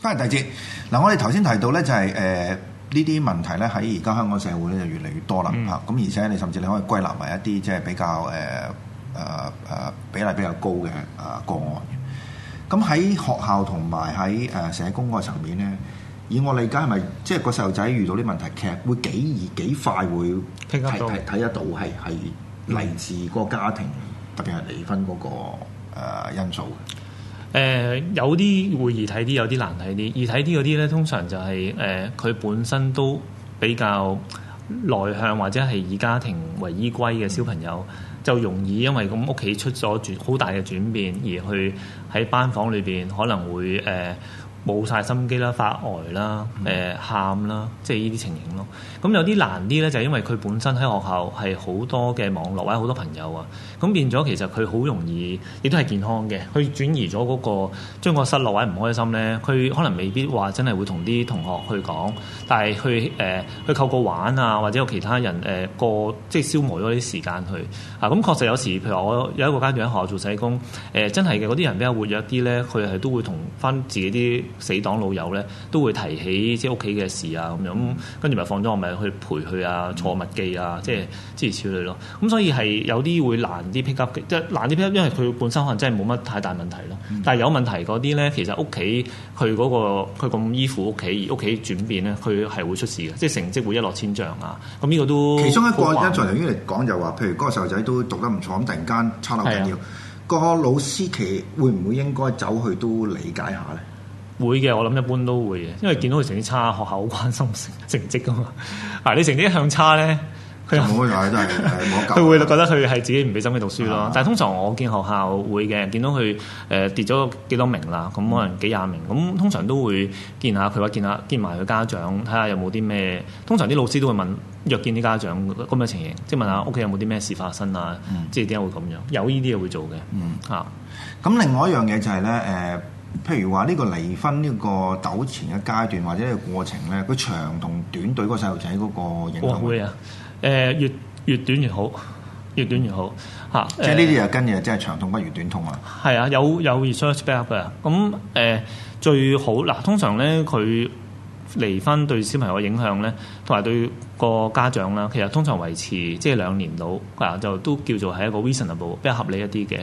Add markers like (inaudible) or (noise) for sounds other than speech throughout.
翻嚟第二節，嗱我哋頭先提到咧就係誒呢啲問題咧喺而家香港社會咧就越嚟越多啦嚇，咁、嗯、而且你甚至你可以歸納為一啲即係比較誒誒誒比例比較高嘅誒、呃、個案。咁喺學校同埋喺誒社工個層面咧，以我理解係咪即係個細路仔遇到啲問題，會幾易幾快會睇睇睇得到係係嚟自個家庭，嗯、特別係離婚嗰個、呃、因素嘅？誒、呃、有啲會易睇啲，有啲難睇啲。易睇啲嗰啲咧，通常就係誒佢本身都比較內向，或者係以家庭為依歸嘅小朋友，嗯、就容易因為咁屋企出咗轉好大嘅轉變，而去喺班房裏邊可能會誒、呃冇晒心機啦，發呆啦，誒喊啦，即係呢啲情形咯。咁有啲難啲咧，就係、是、因為佢本身喺學校係好多嘅網絡位，好多朋友啊。咁變咗其實佢好容易，亦都係健康嘅。佢轉移咗嗰、那個將個失落位唔開心咧，佢可能未必話真係會同啲同學去講，但係去誒、呃、去透過玩啊，或者有其他人誒、呃、過即係消磨咗啲時間去啊。咁確實有時，譬如我有一個家長喺學校做社工，誒、呃、真係嘅嗰啲人比較活躍啲咧，佢係都會同翻自己啲死黨老友咧，都會提起即係屋企嘅事啊，咁樣跟住咪放咗我咪去陪佢啊，嗯、坐密機啊，即係諸如此類咯。咁所以係有啲會難啲 pick up，即係難啲 pick up，因為佢本身可能真係冇乜太大問題咯。嗯、但係有問題嗰啲咧，其實屋企佢嗰個佢咁依附屋企而屋企轉變咧，佢係會出事嘅，即、就、係、是、成績會一落千丈啊。咁呢個都其中一個因素嚟講，就話、是、譬如嗰個細路仔都讀得唔錯，咁突然間差好緊要，的個老師，其會唔會應該走去都理解下咧？會嘅，我諗一般都會嘅，因為見到佢成績差，學校好關心成成績噶嘛。啊， (laughs) 你成績一向差咧，佢冇乜嘢真係，佢 (laughs) 會覺得佢係自己唔俾心去讀書咯。啊、但係通常我見學校會嘅，見到佢誒跌咗幾多名啦，咁可能幾廿名，咁、嗯、通常都會見下佢或者見下見埋佢家長，睇下有冇啲咩。通常啲老師都會問，若見啲家長咁嘅情形，即係問下屋企有冇啲咩事發生啊？即係點解會咁樣？有呢啲嘢會做嘅。嗯啊，咁、嗯、另外一樣嘢就係咧誒。呃譬如話呢個離婚呢、呢個糾纏嘅階段或者個過程咧，佢長同短對個細路仔嗰個影響會啊？誒、呃，越越短越好，越短越好嚇、啊。即係呢啲又跟住，即係長痛不如短痛啊。係啊，啊，有有 research back 嘅咁誒，嗯嗯嗯、最好嗱。通常咧，佢離婚對小朋友嘅影響咧，同埋對個家長啦，其實通常維持即係兩年到啊，就都叫做係一個 reasonable 比較合理一啲嘅。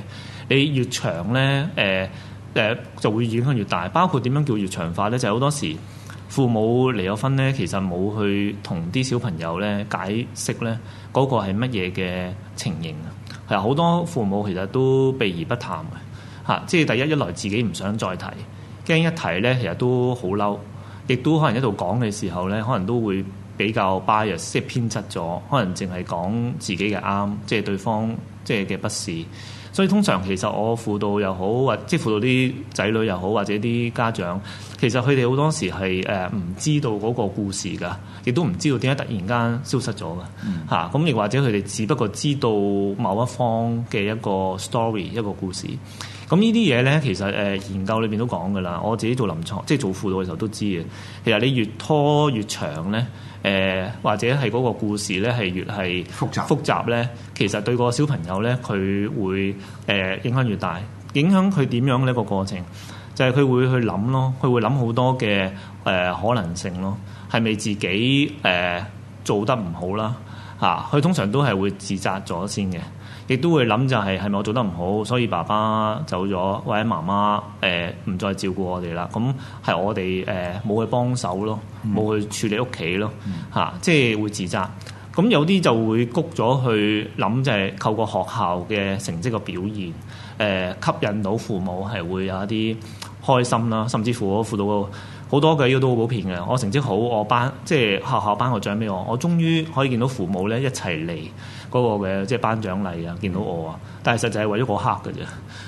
你越長咧誒？呃嗯嗯嗯嗯誒、呃、就會影響越大，包括點樣叫越長化呢就係、是、好多時父母離咗婚呢，其實冇去同啲小朋友呢解釋呢嗰個係乜嘢嘅情形啊，係好多父母其實都避而不談嘅、啊、即係第一一來自己唔想再提，驚一提呢其實都好嬲，亦都可能一度講嘅時候呢，可能都會比較 bias，即係偏執咗，可能淨係講自己嘅啱，即係對方即係嘅不是。所以通常其實我輔導又好，或即係輔導啲仔女又好，或者啲家長，其實佢哋好多時係誒唔知道嗰個故事㗎，亦都唔知道點解突然間消失咗㗎吓。咁亦、嗯、或者佢哋只不過知道某一方嘅一個 story 一個故事。咁呢啲嘢咧，其實誒研究裏邊都講㗎喇。我自己做臨床，即係做輔導嘅時候都知嘅。其實你越拖越長咧。誒、呃、或者係嗰個故事咧係越係複雜，複雜咧，其實對個小朋友咧，佢會誒、呃、影響越大，影響佢點樣呢、這個過程，就係佢會去諗咯，佢會諗好多嘅誒、呃、可能性咯，係咪自己誒、呃、做得唔好啦？嚇、啊，佢通常都係會自責咗先嘅。亦都會諗就係係咪我做得唔好，所以爸爸走咗，或者媽媽誒唔再照顧我哋啦？咁係我哋誒冇去幫手咯，冇去處理屋企咯，嚇、嗯啊，即係會自責。咁有啲就會谷咗去諗，就係透過學校嘅成績嘅表現誒、呃，吸引到父母係會有一啲開心啦，甚至乎輔導。好多嘅，這個、都好普遍嘅。我成績好，我班即係學校頒個獎俾我，我終於可以見到父母咧一齊嚟嗰個嘅即係頒獎禮啊！見到我啊，但係實際係為咗嗰刻嘅啫，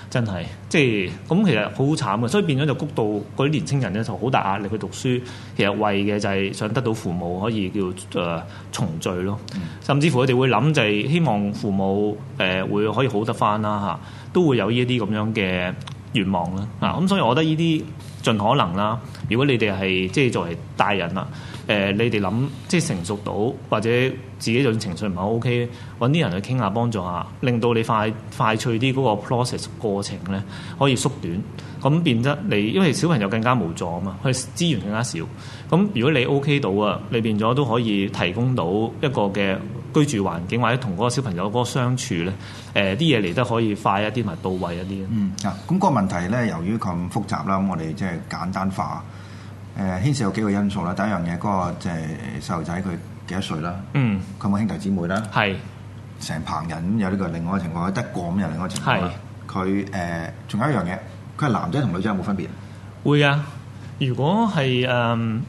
真係即係咁，其實好慘嘅，所以變咗就谷到嗰啲年青人咧就好大壓力去讀書。其實為嘅就係想得到父母可以叫誒、呃、重聚咯，甚至乎佢哋會諗就係、是、希望父母誒、呃、會可以好得翻啦嚇，都會有呢一啲咁樣嘅願望啦嗱。咁、啊嗯、所以我覺得呢啲。盡可能啦。如果你哋係即係作為大人啦，誒、呃，你哋諗即係成熟到，或者自己種情緒唔係好 OK，揾啲人去傾下，幫助下，令到你快快脆啲嗰個 process 過程咧可以縮短，咁變得你因為小朋友更加無助啊嘛，佢資源更加少，咁如果你 OK 到啊，你變咗都可以提供到一個嘅。居住環境或者同嗰個小朋友嗰個相處咧，誒啲嘢嚟得可以快一啲，同埋到位一啲。嗯，啊，咁個問題咧，由於佢咁複雜啦，咁我哋即係簡單化，誒、呃、牽涉有幾個因素啦。第一樣嘢，嗰、嗰個即係細路仔佢幾多歲啦？嗯，佢冇兄弟姊妹啦。係是，成棚人有呢個另外嘅情況，得個咁有另外情況。係是，佢誒仲有一樣嘢，佢係男仔同女仔有冇分別？會啊，如果係誒、呃，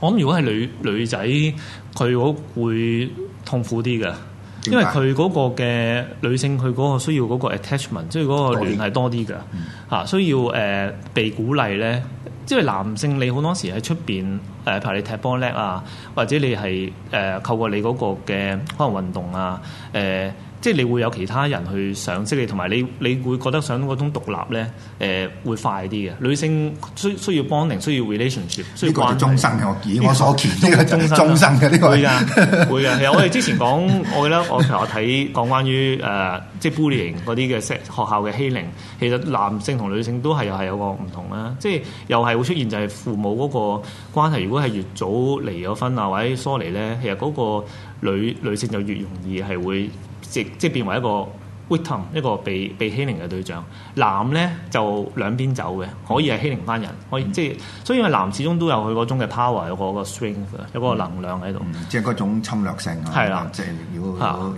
我諗如果係女女仔，佢好會。痛苦啲嘅，為因為佢嗰個嘅女性佢嗰個需要嗰個 attachment，即係嗰個聯繫多啲嘅嚇，對需要誒、呃、被鼓勵咧。即係男性你好多時喺出邊誒，譬、呃、如你踢波叻啊，或者你係誒、呃、透過你嗰個嘅可能運動啊誒。呃即係你會有其他人去賞識你，同埋你你會覺得想嗰種獨立咧，誒、呃、會快啲嘅。女性需要 bonding，需要 b o 需要 relationship，需要關。呢個叫終生嘅，我以我所見，呢個終生嘅呢個會嘅會嘅。其實我哋之前講， (laughs) 我覺我其我睇講關於誒即係 bullying 嗰啲嘅 s 學校嘅欺凌，其實男性同女性都係又係有個唔同啦。即係又係會出現就係父母嗰個關係，如果係越早離咗婚啊或者疏離咧，其實嗰個女女性就越容易係會。即即變為一個 victim，一個被被欺凌嘅對象。男咧就兩邊走嘅，可以係欺凌翻人，可以、嗯、即係，所以話男始終都有佢嗰種嘅 power，有個個 strength，有個能量喺度、嗯。即係嗰種侵略性啊。係啦的，即係咁的的、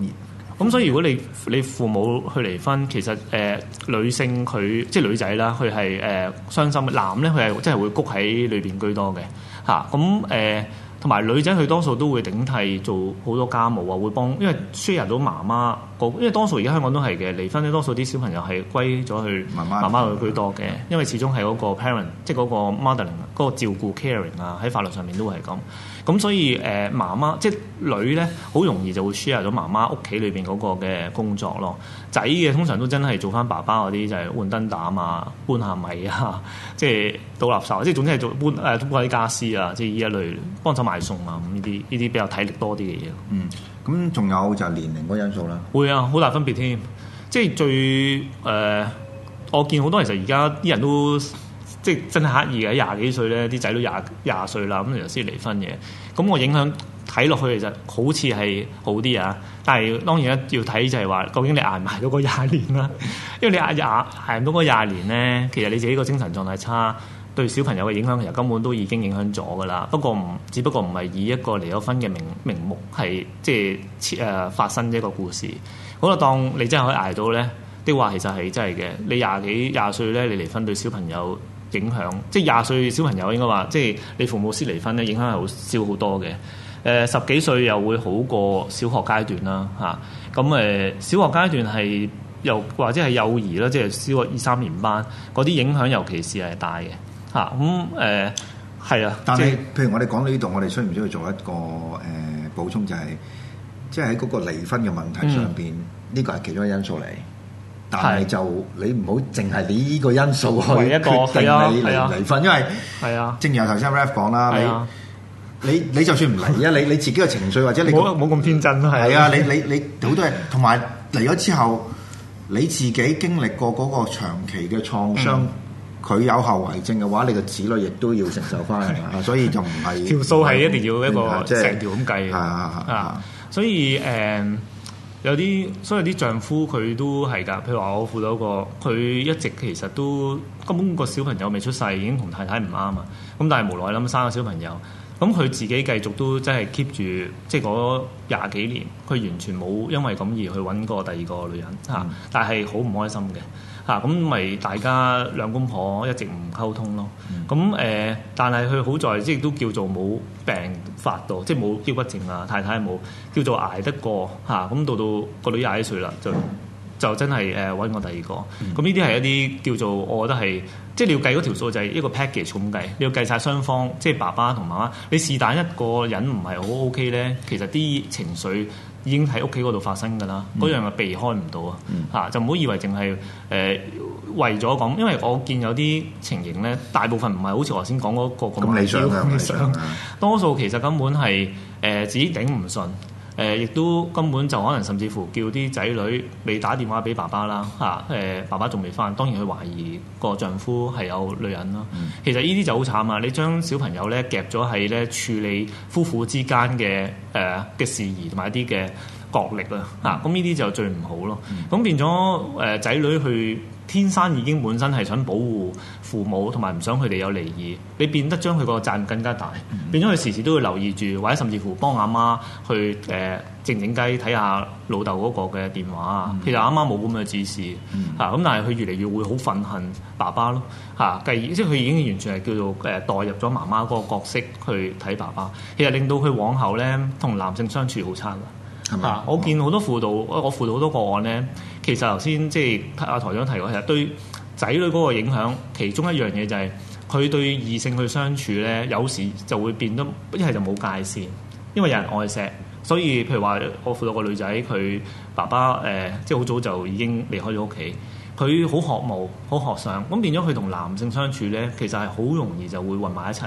嗯，所以如果你你父母去離婚，其實誒、呃、女性佢即係女仔啦，佢係誒傷心。男咧佢係真係會谷喺裏邊居多嘅嚇。咁、啊、誒。嗯呃嗯同埋女仔佢多數都會頂替做好多家務啊，會幫，因為 share 到媽媽個，因為多數而家香港都係嘅，離婚呢多數啲小朋友係歸咗去媽媽，媽，媽，媽，媽會居多嘅，因為始終係嗰個 parent，即係嗰個 mothering，嗰個照顧 caring 啊，喺法律上面都係咁。咁所以誒、呃，媽媽即係女咧，好容易就會 share 咗媽媽屋企裏邊嗰個嘅工作咯。仔嘅通常都真係做翻爸爸嗰啲，就係、是、換燈膽啊、搬下米啊，即係倒垃圾，即係總之係做搬誒、呃、搬下啲家俬啊，即係呢一類幫手買餸啊，咁呢啲呢啲比較體力多啲嘅嘢。嗯，咁仲有就係年齡嗰因素啦。會啊，好大分別添，即係最誒、呃，我見好多其實而家啲人都。即係真係刻意嘅，廿幾歲咧，啲仔女廿廿歲啦，咁先離婚嘅。咁我影響睇落去其實好似係好啲啊，但係當然要睇就係話，究竟你捱唔捱到嗰廿年啦。因為你捱廿唔到嗰廿年呢，其實你自己個精神狀態差，對小朋友嘅影響其實根本都已經影響咗㗎啦。不過唔，只不過唔係以一個離咗婚嘅名名目係即係誒、呃、發生一個故事。好啦，當你真係可以捱到呢啲話其實係真係嘅。你廿幾廿歲呢，你離婚對小朋友。影響即係廿歲小朋友應該話，即係你父母先離婚咧，影響係好少好多嘅。誒、呃、十幾歲又會好過小學階段啦，嚇咁誒小學階段係又或者係幼兒啦，即係小學二三年班嗰啲影響，尤其是係大嘅嚇咁誒係啊。啊啊但係你即譬如我哋講到呢度，我哋需唔需要做一個誒、呃、補充、就係，就係即係喺嗰個離婚嘅問題上邊，呢個係其中一個因素嚟。但係就你唔好淨係你呢個因素去決定你離唔離婚，因為係啊，正如頭先 Ralph 講啦，你你你就算唔離啊，你你自己嘅情緒或者你冇冇咁天真係啊，你你你好多嘢，同埋離咗之後，你自己經歷過嗰個長期嘅創傷，佢有後遺症嘅話，你嘅子女亦都要承受翻㗎嘛，所以就唔係條數係一定要一個即係成條咁計，所以誒。有啲，所以啲丈夫佢都係㗎。譬如話，我負到個，佢一直其實都根本個小朋友未出世，已經同太太唔啱啊。咁但係無奈諗生個小朋友，咁佢自己繼續都真係 keep 住，即係嗰廿幾年，佢完全冇因為咁而去揾過第二個女人嚇。嗯。但係好唔開心嘅。嚇咁咪大家兩公婆一直唔溝通咯。咁誒、嗯嗯呃，但係佢好在即係都叫做冇病發到，即係冇抑鬱症啊。太太冇叫做捱得過嚇。咁、啊、到到個女廿一歲啦，就就真係誒揾我第二個。咁呢啲係一啲叫做我覺得係，即係你要計嗰條數就係一個 package 咁計。你要計晒雙方，即係爸爸同媽媽。你是但一個人唔係好 OK 咧，其實啲情緒。已經喺屋企嗰度發生㗎啦，嗰、嗯、樣啊，避開唔到、嗯、啊，嚇就唔好以為淨係誒為咗講，因為我見有啲情形咧，大部分唔係好似頭先講嗰個咁理想。咁理想，多數其實根本係誒、呃、自己頂唔順。誒，亦都根本就可能，甚至乎叫啲仔女未打電話俾爸爸啦，嚇！誒，爸爸仲未返，當然佢懷疑個丈夫係有女人咯。嗯、其實呢啲就好慘啊！你將小朋友咧夾咗喺咧處理夫婦之間嘅誒嘅事宜同埋一啲嘅角力啦，嚇、嗯！咁呢啲就最唔好咯。咁、嗯、變咗誒仔女去。天生已經本身係想保護父母，同埋唔想佢哋有離異，你變得將佢個責任更加大，mm hmm. 變咗佢時時都會留意住，或者甚至乎幫阿媽，媽去誒、呃、靜靜雞睇下老豆嗰個嘅電話啊。其實阿媽冇咁嘅指示啊，咁但係佢越嚟越會好憤恨爸爸咯嚇。繼、啊、即係佢已經完全係叫做誒、呃、代入咗媽媽嗰個角色去睇爸爸，其實令到佢往後咧同男性相處好差嘅。啊！我見好多輔導，我輔導好多個案咧，其實頭先即係阿台長提過，其實對仔女嗰個影響，其中一樣嘢就係、是、佢對異性去相處咧，有時就會變得一係就冇界線，因為有人愛錫，所以譬如話我輔導個女仔，佢爸爸誒、呃、即係好早就已經離開咗屋企，佢好渴慕，好渴望，咁變咗佢同男性相處咧，其實係好容易就會混埋一齊。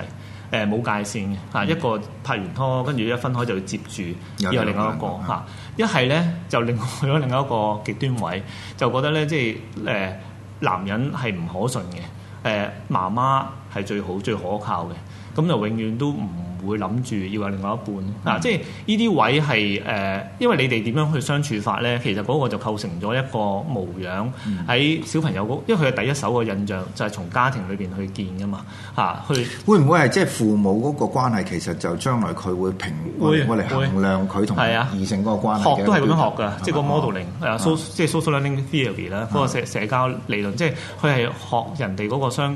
誒冇、呃、界線嘅嚇，嗯、一個拍完拖跟住一分開就要接住，又係 (music) 另外一個嚇。一係咧就另外咗另外一個極端位，就覺得咧即係誒男人係唔可信嘅，誒、呃、媽媽係最好最可靠嘅，咁就永遠都唔、嗯。會諗住要揾另外一半，嗱、嗯，即係呢啲位係誒、呃，因為你哋點樣去相處法咧，其實嗰個就構成咗一個模樣喺、嗯、小朋友因為佢係第一手嘅印象，就係從家庭裏邊去見噶嘛，嚇、啊，去會唔會係即係父母嗰個關係，其實就將來佢會平判我嚟衡量佢同異性嗰個關係個，學都係咁樣學噶，即係個 modeling，係 so 即係 social learning theory 啦、嗯，嗰個社社交理論，即係佢係學人哋嗰個相。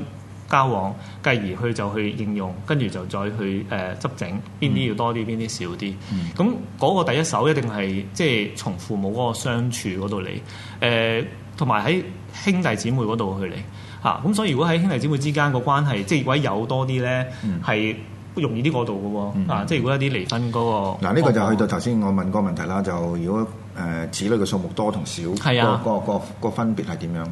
交往，繼而佢就去應用，跟住就再去誒、呃、執整邊啲要多啲，邊啲少啲。咁嗰、嗯、個第一手一定係即係從父母嗰個相處嗰度嚟，誒同埋喺兄弟姊妹嗰度去嚟嚇。咁、啊、所以如果喺兄弟姊妹之間個關係，即、就、係、是、如果有多啲咧，係、嗯、容易啲過度嘅喎。嗯、啊，即係如果一啲離婚嗰、那個嗱，呢、嗯嗯、個就去到頭先我問個問題啦。就如果誒、呃、子女嘅數目多同少，是啊那個個個、那個分別係點樣？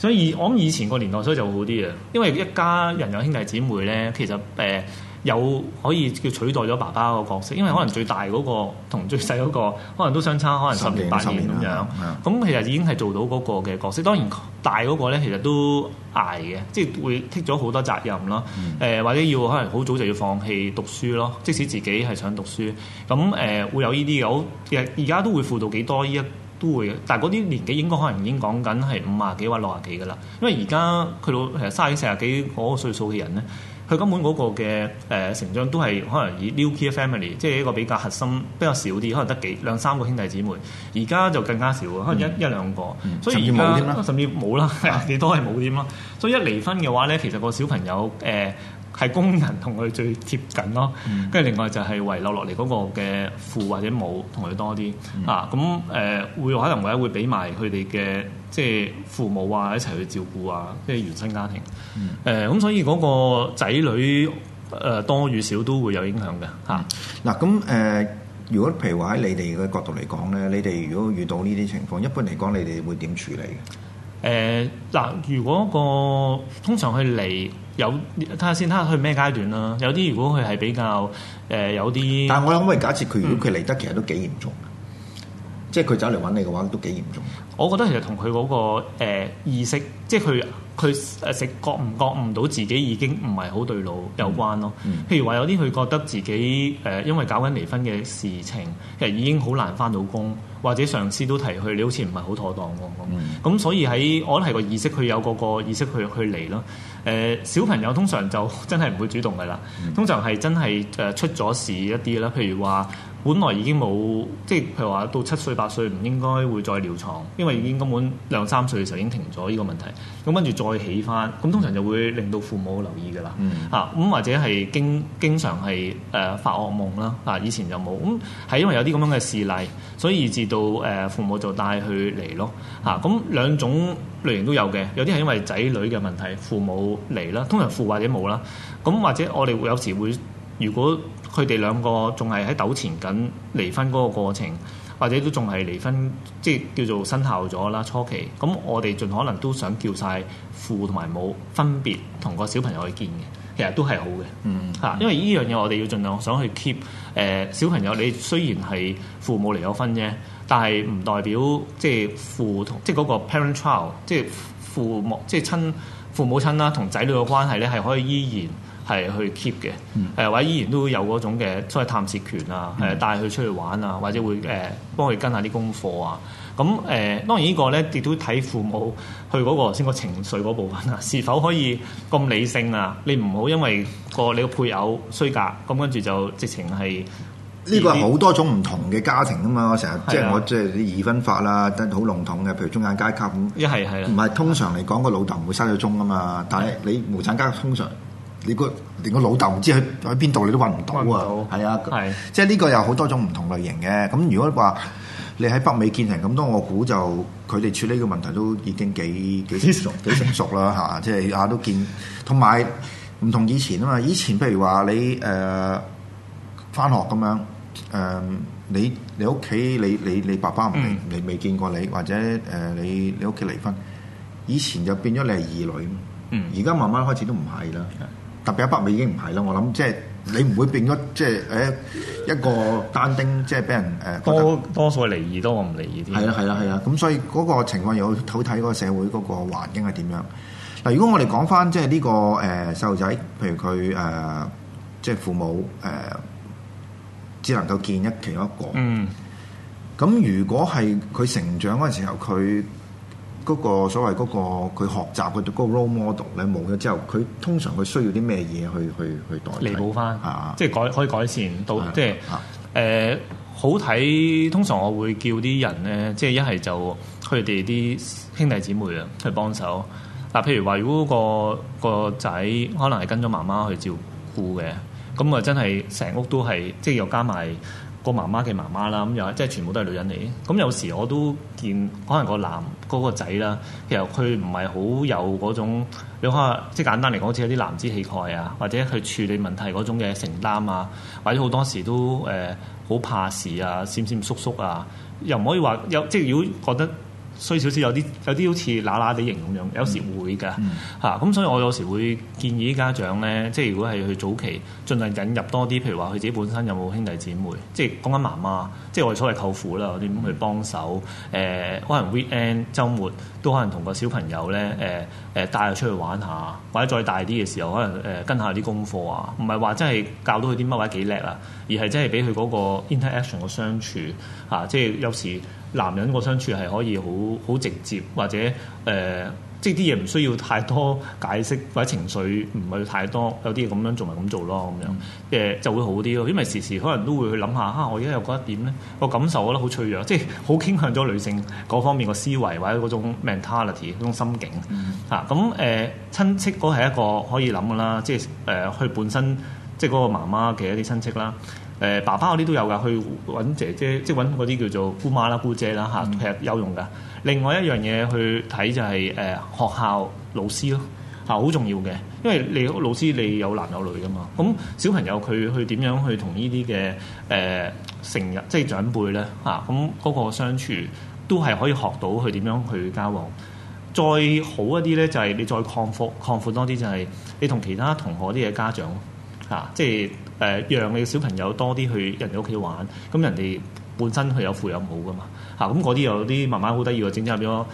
所以我諗以前個年代，所以就會好啲嘅，因為一家人有兄弟姊妹咧，其實誒、呃、有可以叫取代咗爸爸個角色，因為可能最大嗰個同最細嗰個可能都相差可能十年八年咁、啊、樣，咁、嗯、其實已經係做到嗰個嘅角色。當然大嗰個咧其實都捱嘅，即係會剔咗好多責任咯，誒、呃、或者要可能好早就要放棄讀書咯，即使自己係想讀書，咁誒、呃、會有呢啲嘅，我其實而家都會輔導幾多呢一。都會嘅，但係嗰啲年紀應該可能已經講緊係五啊幾或六啊幾嘅啦。因為而家佢老其實三啊幾四啊幾嗰個歲數嘅人咧，佢根本嗰個嘅誒成長都係可能以 nuclear family，即係一個比較核心比較少啲，可能得幾兩三個兄弟姊妹。而家就更加少可能、嗯、一一兩個。嗯、所以而家甚至冇啦，你都係冇添啦。所以一離婚嘅話咧，其實個小朋友誒，呃係工人同佢最貼近咯，跟住、嗯、另外就係遺留落嚟嗰個嘅父或者母同佢多啲、嗯、啊，咁誒、呃、會可能或者會俾埋佢哋嘅即係父母啊一齊去照顧啊，即係原生家庭誒，咁、嗯呃、所以嗰個仔女誒、呃、多與少都會有影響嘅嚇。嗱咁誒，如果譬如話喺你哋嘅角度嚟講咧，你哋如果遇到呢啲情況，一般嚟講你哋會點處理嘅？誒嗱、呃呃，如果、嗰個通常去嚟。有睇下先，睇下佢咩階段啦、啊。有啲如果佢係比較誒、呃、有啲，但係我諗咪假設佢如果佢嚟得，其實都幾嚴重、嗯、即係佢走嚟揾你嘅話都幾嚴重。我覺得其實同佢嗰個、呃、意識，即係佢。佢誒食覺唔覺悟到自己已經唔係好對路有關咯？嗯、譬如話有啲佢覺得自己誒、呃、因為搞緊離婚嘅事情，其實已經好難返到工，或者上司都提佢，你好似唔係好妥當喎。咁、嗯、所以喺我都係個意識，佢有個個意識去去離咯。誒、呃、小朋友通常就真係唔會主動㗎啦，通常係真係誒出咗事一啲啦，譬如話。本來已經冇，即係譬如話到七歲八歲唔應該會再尿床，因為已經根本兩三歲嘅時候已經停咗呢個問題。咁跟住再起翻，咁通常就會令到父母留意㗎啦。嚇咁、嗯啊、或者係經經常係誒發惡夢啦。嚇、啊、以前就冇，咁、嗯、係因為有啲咁樣嘅事例，所以以至到誒、呃、父母就帶佢嚟咯。嚇、啊、咁、嗯、兩種類型都有嘅，有啲係因為仔女嘅問題，父母嚟啦，通常父或者母啦。咁、啊、或者我哋會有時會。如果佢哋兩個仲係喺糾纏緊離婚嗰個過程，或者都仲係離婚，即係叫做生效咗啦初期。咁我哋盡可能都想叫晒父同埋母分別同個小朋友去見嘅，其實都係好嘅。嗯，嚇，因為呢樣嘢我哋要盡量想去 keep 誒、呃、小朋友。你雖然係父母離咗婚啫，但係唔代表即係父同即係嗰個 parent-child，即係父母即係親父母親啦、啊，同仔女嘅關係咧係可以依然。係去 keep 嘅，誒、嗯、或者依然都有嗰種嘅，所謂探視權啊，誒帶佢出去玩啊，或者會誒、呃、幫佢跟下啲功課啊。咁、呃、誒當然個呢個咧亦都睇父母去嗰個先個情緒嗰部分啊，是否可以咁理性啊？你唔好因為、那個你個配偶衰格，咁跟住就直情係。呢個係好多種唔同嘅家庭啊嘛，我成日的即係我即係啲二分法啦，得好籠統嘅。譬如中間階級一係係啦，唔係通常嚟講個老豆唔會失咗蹤啊嘛，但係你無產階級通常。你個連個老豆唔知去喺邊度，你都揾唔到啊！係到啊，係是。即係呢個有好多種唔同類型嘅。咁如果話你喺北美見人咁多，我估就佢哋處理嘅問題都已經幾幾成熟， (laughs) 幾成熟啦嚇。即係啊，都見同埋唔同以前啊嘛。以前譬如話你誒翻、呃、學咁樣，誒、呃、你你屋企你你你爸爸唔、嗯、你未見過你，或者誒、呃、你你屋企離婚，以前就變咗你係二女。而家、嗯、慢慢開始都唔係啦。特別一筆尾已經唔係咯，我諗即係你唔會變咗即係誒、欸、一個單丁，即係俾人誒、呃、多、呃、多數係離異多，唔離異啲、啊。係啦、啊，係啦、啊，係啦、啊。咁所以嗰個情況又要睇睇嗰個社會嗰個環境係點樣。嗱，如果我哋講翻即係呢個誒細路仔，譬如佢誒即係父母誒、呃、只能夠見一其中一個。嗯。咁如果係佢成長嗰陣時候，佢。嗰個所謂嗰個佢學習嘅嗰個 role model 咧冇咗之後，佢通常佢需要啲咩嘢去去去代替？彌補翻啊，即係改可以改善到，即係誒好睇。通常我會叫啲人咧，即係一係就佢哋啲兄弟姊妹去幫啊去幫手。嗱，譬如話如果個個仔可能係跟咗媽媽去照顧嘅，咁啊真係成屋都係即係又加埋。個媽媽嘅媽媽啦，咁又即係全部都係女人嚟。咁有時我都見，可能個男嗰、嗰個仔啦，其實佢唔係好有嗰種，你話即係簡單嚟講，好似有啲男子氣概啊，或者去處理問題嗰種嘅承擔啊，或者好多時都誒好、呃、怕事啊，閃閃縮縮啊，又唔可以話有，即係如果覺得。衰少少有啲有啲好似乸乸地型咁樣，有時會㗎嚇。咁、嗯嗯啊、所以我有時會建議啲家長咧，即係如果係去早期，盡量引入多啲，譬如話佢自己本身有冇兄弟姊妹，即係講緊媽媽，即係我哋所謂舅父啦，我哋咁去幫手。誒、呃，可能 weekend 周末都可能同個小朋友咧，誒、呃、誒、呃、帶佢出去玩下，或者再大啲嘅時候，可能誒、呃、跟下啲功課啊。唔係話真係教到佢啲乜或者幾叻啦，而係真係俾佢嗰個 interaction 嘅相處嚇，即係有時。男人個相處係可以好好直接，或者誒，即係啲嘢唔需要太多解釋，或者情緒唔係太多，有啲嘢咁樣做咪咁做咯，咁樣誒就會好啲咯。因為時時可能都會去諗下，嚇、啊、我而家又覺得點咧？個感受覺得好脆弱，即係好傾向咗女性嗰方面個思維或者嗰種 mentality 嗰種心境嚇。咁誒、嗯啊呃、親戚嗰係一個可以諗噶啦，即係誒佢本身即係嗰個媽媽嘅一啲親戚啦。誒爸爸嗰啲都有㗎，去揾姐姐，即係揾嗰啲叫做姑媽啦、姑姐啦嚇，其實有用㗎。嗯、另外一樣嘢去睇就係、是、誒、呃、學校老師咯嚇，好、啊、重要嘅，因為你老師你有男有女㗎嘛。咁小朋友佢去點樣去同呢啲嘅誒成日即係長輩咧嚇，咁、啊、嗰、嗰個相處都係可以學到佢點樣去交往。再好一啲咧，就係你再擴闊擴闊多啲，就係你同其他同學啲嘅家長嚇、啊，即係。誒讓你嘅小朋友多啲去人哋屋企玩，咁人哋本身佢有父有母噶嘛嚇，咁嗰啲有啲媽媽好得意喎，整整下變咗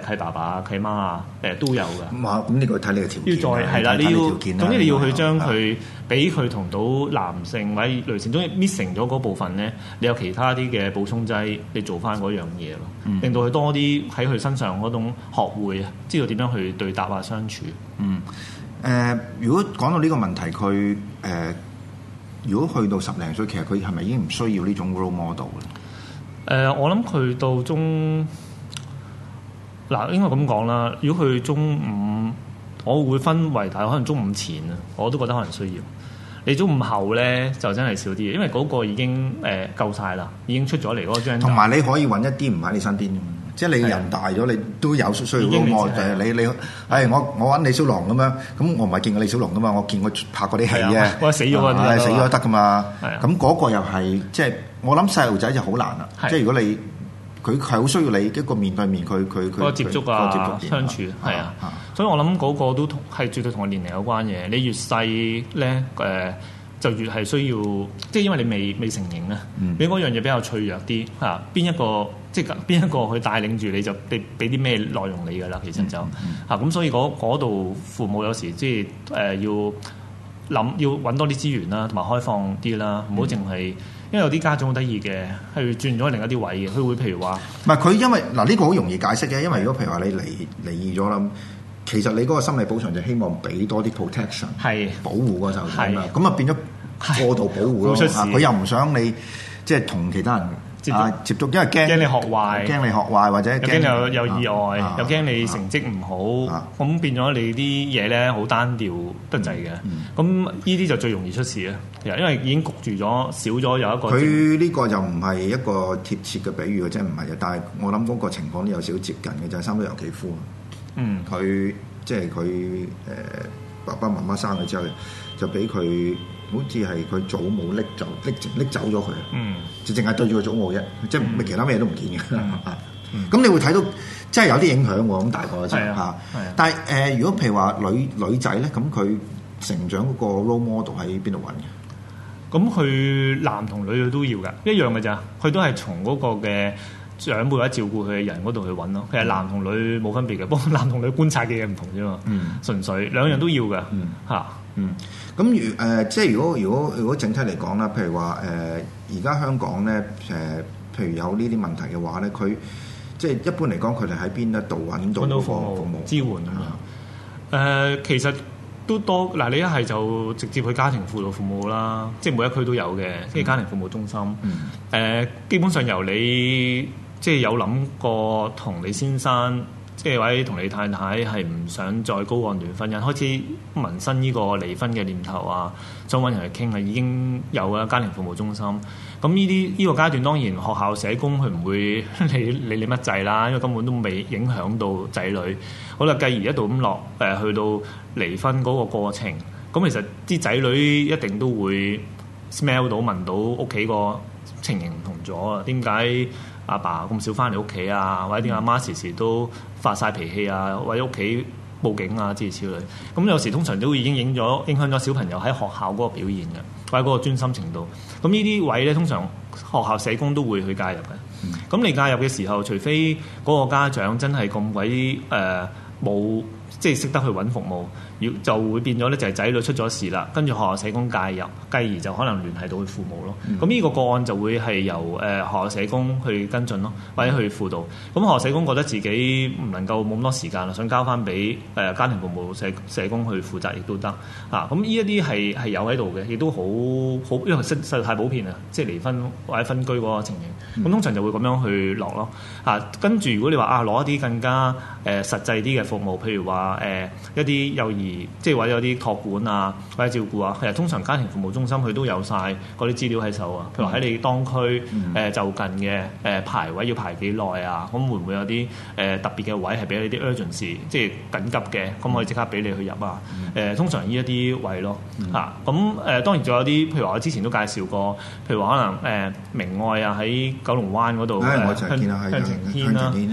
誒契爸爸、契媽啊，誒都有嘅。嘛，咁呢個睇你嘅條件，要再係啦，你要總之你要去將佢俾佢同到男性或者女性中意 miss 咗嗰部分咧，你有其他啲嘅補充劑，你做翻嗰樣嘢咯，令到佢多啲喺佢身上嗰種學會知道點樣去對答啊相處。嗯，誒如果講到呢個問題，佢誒。如果去到十零歲，其實佢係咪已經唔需要呢種 role model 咧？誒，我諗佢到中嗱，應該咁講啦。如果去中五，我會分為，但係可能中五前啊，我都覺得可能需要。你中五後咧，就真係少啲，因為嗰個已經誒夠晒啦，已經出咗嚟嗰張。同埋你可以揾一啲唔喺你身邊。即係你人大咗，你都有需要幫我你你係我我搵李小龍咁樣，咁我唔係見過李小龍噶嘛，我見過拍過啲戲啊，死咗死咗得㗎嘛，咁嗰個又係即係我諗細路仔就好難啦，即係如果你佢係好需要你一個面對面，佢佢嗰個接觸啊、相處係啊，所以我諗嗰個都同係絕對同我年齡有關嘅，你越細咧誒。就越係需要，即係因為你未未承認啦，你嗰樣嘢比較脆弱啲嚇。邊一個即係邊一個去帶領住你就俾俾啲咩內容你㗎啦，其實就嚇咁。所以嗰度父母有時即係誒要諗要揾多啲資源啦，同埋開放啲啦，唔好淨係因為有啲家長好得意嘅，去轉咗另一啲位嘅，佢會譬如話唔係佢因為嗱，呢個好容易解釋嘅，因為如果譬如話你離離異咗啦，其實你嗰個心理補償就希望俾多啲 protection 係保護個時候啊，咁啊變咗。過度保護咯，佢又唔想你即係同其他人接着、啊、接觸，因為驚驚你學壞，驚你學壞或者驚你，你有意外，啊、又驚你成績唔好，咁、啊啊、變咗你啲嘢咧好單調得滯嘅。咁呢啲就最容易出事啦，因為已經焗住咗少咗有一個。佢呢個就唔係一個貼切嘅比喻嘅，真唔係嘅。但係我諗嗰個情況都有少接近嘅，就係、是、三歲由幾夫嗯，佢即係佢誒爸爸媽媽生咗之後就俾佢。好似係佢祖母拎走拎拎走咗佢，嗯，就淨係對住個祖母啫，即係其他咩都唔見嘅。咁你會睇到，即係有啲影響喎。咁大個咗之後，嚇，但係誒，如果譬如話女女仔咧，咁佢成長個 role model 喺邊度揾嘅？咁佢男同女佢都要嘅，一樣嘅咋？佢都係從嗰個嘅長輩或者照顧佢嘅人嗰度去揾咯。其實男同女冇分別嘅，不過男同女觀察嘅嘢唔同啫嘛。嗯、純粹兩樣都要嘅，嚇、嗯。嗯嗯嗯，咁如誒，即係如果如果如果整體嚟講啦，譬如話誒，而、呃、家香港咧誒、呃，譬如有呢啲問題嘅話咧，佢即係一般嚟講，佢哋喺邊一度揾到服務，到服務支援啊？誒、呃，其實都多嗱、呃，你一係就直接去家庭輔導服務啦，即係每一區都有嘅，即係家庭服務中心。誒、嗯呃，基本上由你即係有諗過同你先生。即係位同你太太係唔想再高岸段婚姻，開始萌生呢個離婚嘅念頭啊，想揾人去傾啊，已經有啊，家庭服務中心。咁呢啲呢個階段當然學校社工佢唔會理理你乜滯啦，因為根本都未影響到仔女。好啦，繼而一度咁落誒，去到離婚嗰個過程，咁其實啲仔女一定都會 smell 到聞到屋企個情形唔同咗啊？點解？阿爸咁少翻嚟屋企啊，或者啲阿媽時時都發晒脾氣啊，或者屋企報警啊之類，之類，咁有時通常都已經影咗影響咗小朋友喺學校嗰個表現嘅，或者嗰個專心程度。咁呢啲位咧，通常學校社工都會去介入嘅。咁、嗯、你介入嘅時候，除非嗰個家長真係咁鬼誒冇，即係識得去揾服務。要就會變咗咧，就係仔女出咗事啦，跟住學校社工介入，繼而就可能聯繫到佢父母咯。咁呢、嗯、個個案就會係由誒、呃、學校社工去跟進咯，或者去輔導。咁、嗯嗯、學校社工覺得自己唔能夠冇咁多時間啦，想交翻俾誒家庭服務社社工去負責亦、啊嗯、都得嚇。咁呢一啲係係有喺度嘅，亦都好好因為實實在太普遍啊，即、就、係、是、離婚或者分居嗰個情形。咁、嗯嗯、通常就會咁樣去落咯嚇。跟、啊、住如果你話啊攞一啲更加誒、呃、實際啲嘅服務，譬如話誒、呃、一啲幼兒。即係或者有啲托管啊，或者照顧啊，其實通常家庭服務中心佢都有晒嗰啲資料喺手啊。譬如喺你當區誒就近嘅誒排位要排幾耐啊？咁會唔會有啲誒特別嘅位係俾你啲 urgent 事，即係緊急嘅，咁可以即刻俾你去入啊？誒，通常呢一啲位咯嚇。咁誒當然仲有啲，譬如話我之前都介紹過，譬如話可能誒明愛啊，喺九龍灣嗰度，向晴軒啦嚇。咁、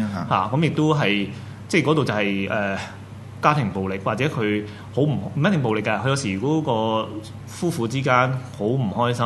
啊啊嗯、亦都係即係嗰度就係、是、誒、就是。呃家庭暴力或者佢。好唔唔一定暴力㗎，佢有時如果個夫婦之間好唔開心，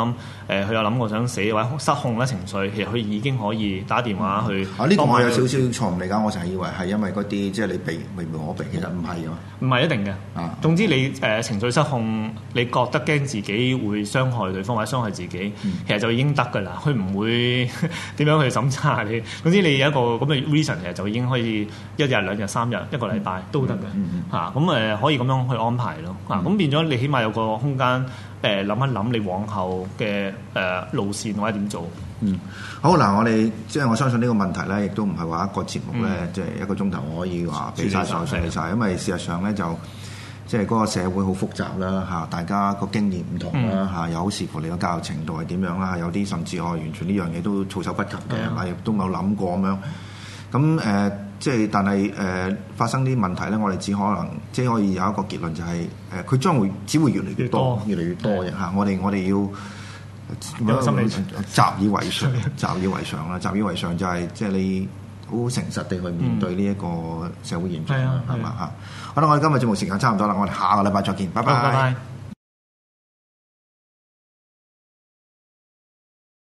誒佢有諗過想死或者失控咧情緒，其實佢已經可以打電話去。啊呢個我有少少錯誤理解，我成日以為係因為嗰啲即係你避明明我避，其實唔係㗎。唔係一定嘅。啊，總之你誒情緒失控，你覺得驚自己會傷害對方或者傷害自己，其實就已經得㗎啦。佢唔會點樣去審查你。總之你有一個咁嘅 reason，其實就已經可以一日、兩日、三日、一個禮拜都得㗎。嚇，咁誒可以咁樣去，安排咯，啊咁、嗯、變咗你起碼有個空間誒諗、呃、一諗你往後嘅誒、呃、路線或者點做？嗯，好嗱、呃，我哋即係我相信呢個問題咧，亦都唔係話一個節目咧，嗯、即係一個鐘頭可以話俾晒，曬因為事實上咧就即係嗰個社會好複雜啦，嚇大家個經驗唔同啦，嚇、嗯嗯、有時視乎你個教育程度係點樣啦，有啲甚至我完全呢樣嘢都措手不及嘅，但亦都冇諗過咁樣，咁誒。呃即係，但係誒、呃、發生啲問題咧，我哋只可能即係可以有一個結論，就係誒佢將會只會越嚟越、越多，越嚟越多嘅嚇對。我哋我哋要對 是心理習以為常，習對 以為常啦，習以為常就係、是、即係你好誠實地去面對呢一、嗯、個社會現象，係嘛嚇。對 好啦，我哋今日節目時間差唔多啦，我哋下個禮拜再見，bye bye 拜拜。